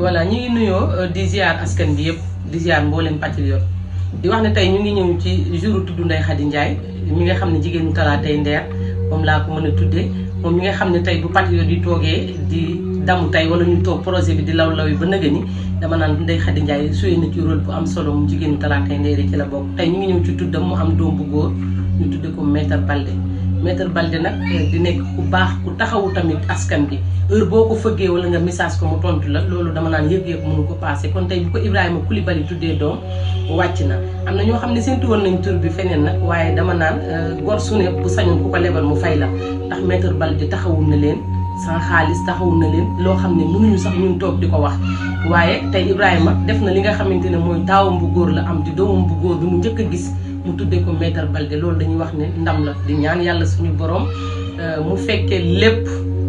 voilà ñu ngi nuyoo euh, di askan bi yëpp di ziar mboolem patriote di wax ne tey ñu ngi ñëw ci jour tudd Ndeye Khady Ndiaye mi nga xam ne jigéenu talaatay ndeer moom laa ko mën a tuddee moom mi nga xam ne tey bu patriote yi toogee di damu tey wala ñu toog projet bi di law law yi ba nëgë ni dama naan Ndeye Khady Ndiaye suyee na ci rôle bu am solo mu jigéenu talaatay ndeer yi ci la bokk tey ñu ngi ñëw ci tuddam mu am doom bu góor ñu tudde ko Maître Baldé maître Balde nag eh, di nekk ku baax ku taxawu tamit askan bi heure boo ko fëggee wala nga message ko mu tontu la loolu dama naan yëg-yëg mënu ko passé kon tey bu ko Ibrahima Coulibaly tuddee doom wàcc na am na ñoo xam ne séntu nañ tur bi feneen nag waaye dama eh, gor su bu sañoon ku ko lebal mu fay la ndax maître Balde taxawul na leen sans xaalis taxawul na leen loo xam ne mënuñu sax ñun toog di ko wax waaye tey Ibrahima def na li nga xamante ne mooy taawam bu góor la am di doomam bu góor bi mu njëkk a gis mu tuddee ko Maître Balde loolu dañuy wax ni ndam la di ñaan yàlla suñu borom euh, mu fekkee lépp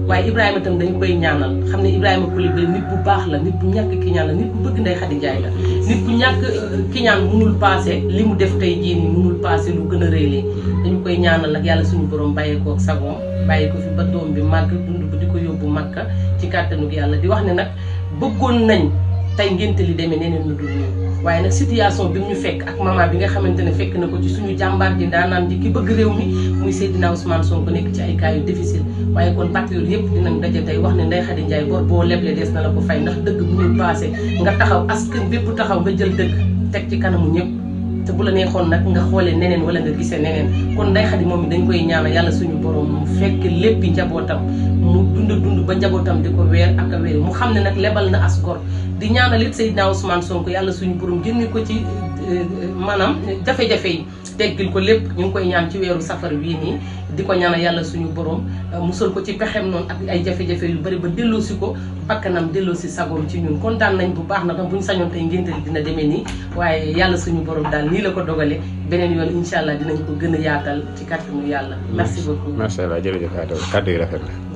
waaye Ibrahima itam dañ koy ñaanal xam ne Ibrahima Coulibaly nit bu baax la nit bu ñàkk ki ñaan la nit bu bëgg Ndeye Khady Ndiaye la nit bu ñàkk euh, kiñaan ñaan munul paase li mu def tey jii nii munul paase lu gën a rëy lii dañu koy ñaanal ak yàlla suñu boroom bàyyee ko ak sagoom bàyyi ko fi ba doom bi màgg dund bu di ko yóbbu Makka ci kàttanu yàlla di wax ne nag bëggoon nañ tey ngénte li demee neneen lu waaye nag situation bi mu ñu fekk ak maman bi nga xamante ne fekk na ko ci suñu jàmbaar ji daanaan ji ki bëgg réew mi muy Seydina Ousmane Sonko nekk ci ay cas yu difficile waaye kon patriote yëpp dinañ daje tey wax ne Ndeye Khady Ndiaye bor boo leble des na la ko fay ndax dëgg bu ñu passé nga taxaw askan bépp taxaw nga jël dëgg teg ci kanamu ñëpp te bu la neexoon nag nga xoolee neneen wala nga gisee neneen kon Ndeye Khady moom dañ koy ñaanal yàlla suñu borom mu fekk léppi njabootam mu dund dund ba njabootam di ko weer ak a weer mu xam ne nag lebal na askor di gor di ñaanal it Seydina Ousmane Sonko yàlla suñu borom génne ko ci euh, euh, maanaam jafe-jafe yi. teggil ko lépp ñu ngi koy ñaan ci weeru safar wii nii di ko ñaanal yàlla suñu borom euh, musal ko ci pexem noonu ak ay jafe-jafe yu bari ba delloosi ko bakkanam delloosi sagoom ci ñun kontaan nañ bu baax na ndax bu ñu sañoon tey ngénte li dina demee nii waaye yàlla suñu borom daal nii la ko dogale beneen yoon incha allah dinañ ko gën a yaatal ci kàttanu yàlla merci beaucoup macha allah jërëjëf a kàddu yi rafet na